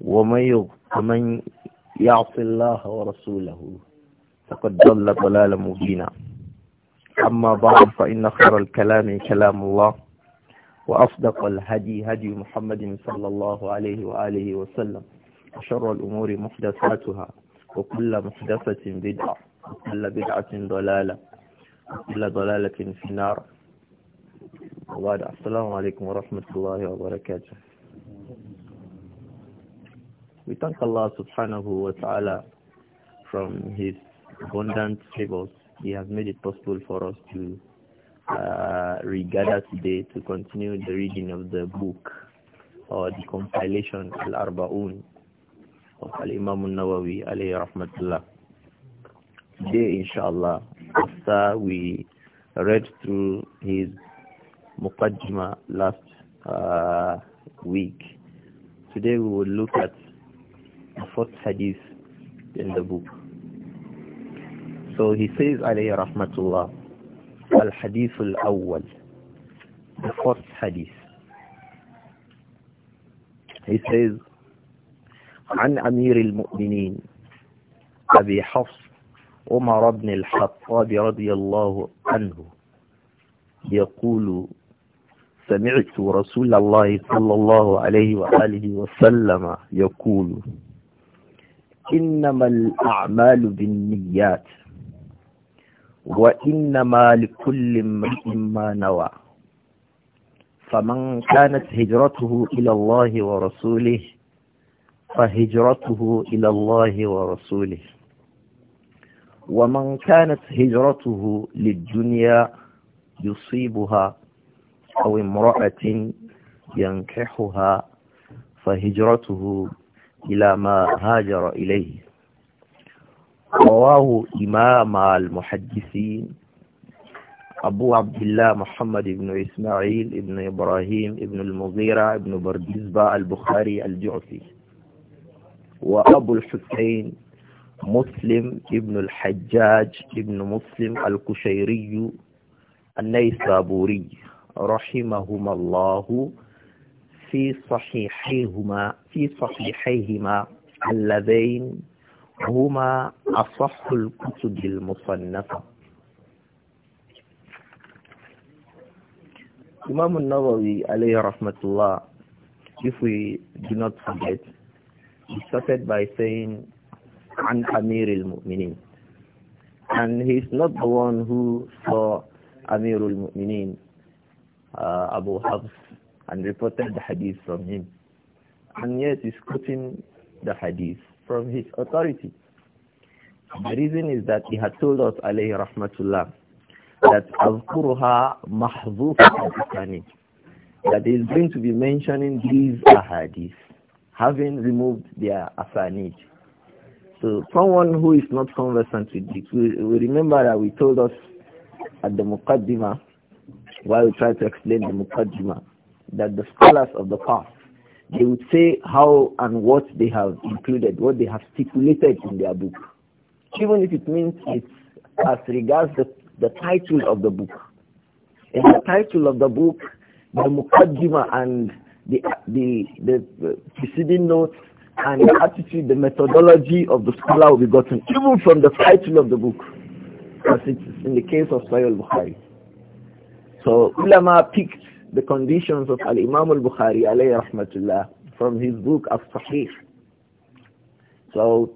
ومن ومن يعص الله ورسوله فقد ضل ضلالا مبينا أما بعد فإن خير الكلام كلام الله وأصدق الهدي هدي محمد صلى الله عليه وآله وسلم وشر الأمور محدثاتها وكل محدثة بدعة وكل بدعة ضلالة وكل ضلالة في النار وبعد السلام عليكم ورحمة الله وبركاته We thank Allah subhanahu wa ta'ala from his abundant favors. He has made it possible for us to uh, regather today to continue the reading of the book or the compilation Al-Arba'un of Al-Imam al-Nawawi alayhi rahmatullah. Today, inshallah, after we read through his Muqaddimah last uh, week, today we will look at fourth hadith in the book. So he says, alayhi rahmatullah, al-hadith al-awwal, the first hadith. He says, عن أمير المؤمنين أبي حفص عمر بن الحطاب رضي الله عنه يقول سمعت رسول الله صلى الله عليه وآله وسلم يقول إنما الأعمال بالنيات وإنما لكل امرئ ما نوى فمن كانت هجرته إلى الله ورسوله فهجرته إلى الله ورسوله ومن كانت هجرته للدنيا يصيبها أو امرأة ينكحها فهجرته إلى ما هاجر إليه رواه إمام المحدثين أبو عبد الله محمد بن إسماعيل بن إبراهيم بن المغيرة بن بردزبة البخاري الجعفي وأبو الحسين مسلم بن الحجاج بن مسلم القشيري النيسابوري رحمهما الله في صحيحيهما في صحيحيهما اللذين هما أصح الكتب المصنفة إمام النووي عليه رحمة الله if we do not forget he started by saying عن أمير المؤمنين and he is not the one who saw أمير المؤمنين uh, أبو حفص and reported the hadith from him. And yet he's quoting the hadith from his authority. The reason is that he had told us, alayhi rahmatullah, that أَذْكُرُهَا مَحْظُوفَةً is going to be mentioning these ahadith, having removed their asanid. So someone who is not conversant with it, we, we remember that we told us at the Muqaddimah, while we tried to explain the Muqaddimah, that the scholars of the past, they would say how and what they have included, what they have stipulated in their book. Even if it means it's as regards the, the title of the book. In the title of the book, the mukaddima and the, the, the, preceding notes and the attitude, the methodology of the scholar will be gotten even from the title of the book, as it's in the case of Sayyid al-Bukhari. So ulama picked the conditions of Al-Imam al-Bukhari alayhi rahmatullah from his book of sahih So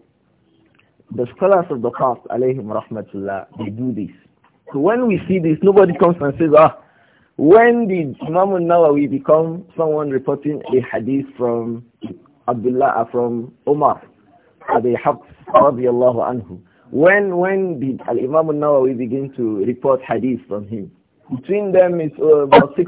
the scholars of the past alayhim rahmatullah, they do this. So when we see this, nobody comes and says, ah, when did Imam al-Nawawi become someone reporting a hadith from Abdullah, uh, from Omar, Abi radiallahu anhu? When, when did Al-Imam al-Nawawi begin to report hadith from him? Between them it's uh, about six